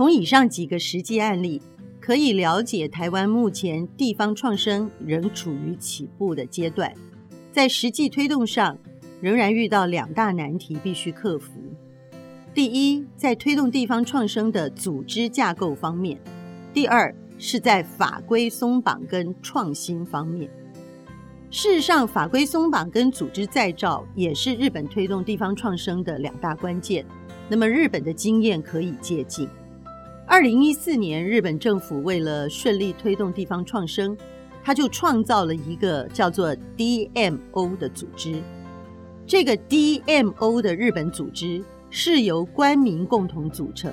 從以上幾個實際案例，可以了解臺灣目前地方創生仍處於起步的階段，在實際推動上，仍然遇到兩大難題必須克服。第一，在推動地方創生的組織架構方面；第二，是在法規鬆綁跟創新方面。事實上，法規鬆綁跟組織再造也是日本推動地方創生的兩大關鍵，那麼日本的經驗可以借鑑。二零一四年，日本政府為了順利推動地方創生，他就創造了一個叫做 DMO 的組織。這個 DMO 的日本組織是由官民共同組成，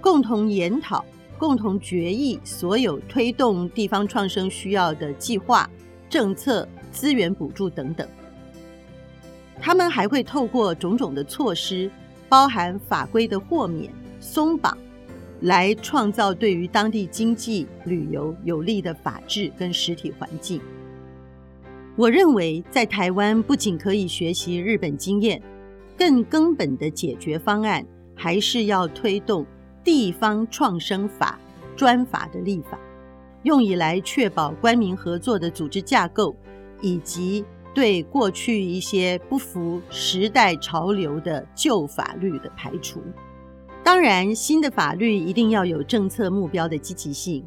共同研討、共同決議所有推動地方創生需要的計劃、政策、資源補助等等。他們還會透過種種的措施，包含法規的豁免、鬆綁。來創造對於當地經濟旅遊有利的法治跟實體環境。我認為在台灣不僅可以學習日本經驗，更根本的解決方案還是要推動地方創生法專法的立法，用以來確保官民合作的組織架構，以及對過去一些不符時代潮流的舊法律的排除。當然，新的法律一定要有政策目標的積極性。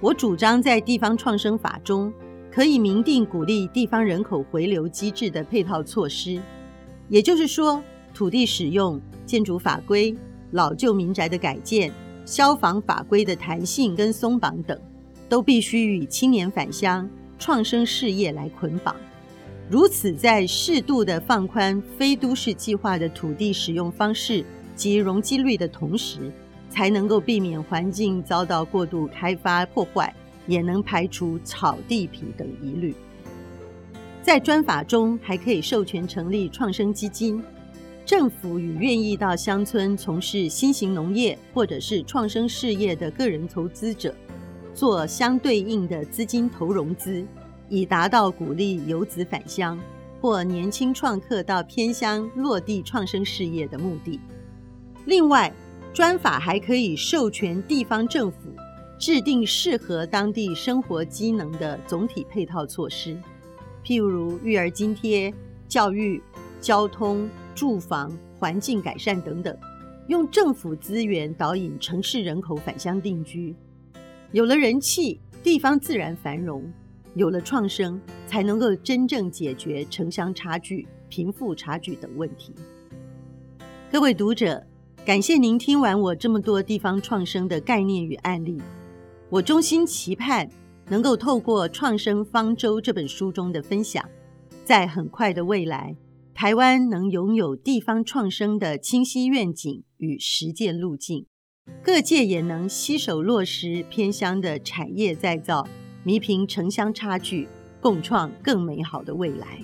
我主張在地方創生法中，可以明定鼓勵地方人口回流機制的配套措施。也就是說，土地使用、建築法規、老舊民宅的改建、消防法規的彈性跟鬆綁等，都必須與青年返鄉創生事業來捆綁。如此在適度的放寬非都市計劃的土地使用方式。及容積率的同時，才能夠避免環境遭到過度開發破壞，也能排除炒地皮等疑慮。在專法中還可以授權成立創生基金，政府與願意到鄉村從事新型農業或者是創生事業的個人投資者，做相對應的資金投融資，以達到鼓勵游子返鄉或年輕創客到偏鄉落地創生事業的目的。另外，專法還可以授權地方政府制定適合當地生活機能的總體配套措施，譬如，如育兒津貼、教育、交通、住房、環境改善等等，用政府資源導引城市人口返鄉定居，有了人氣，地方自然繁榮；有了創生，才能夠真正解決城鄉差距、貧富差距等問題。各位讀者。感謝您聽完我這麼多地方創生的概念與案例。我衷心期盼能夠透過《創生方舟》這本書中的分享，在很快的未來，台灣能擁有地方創生的清晰願景與實踐路徑，各界也能攜手落實偏鄉的產業再造，彌平城鄉差距，共創更美好的未來。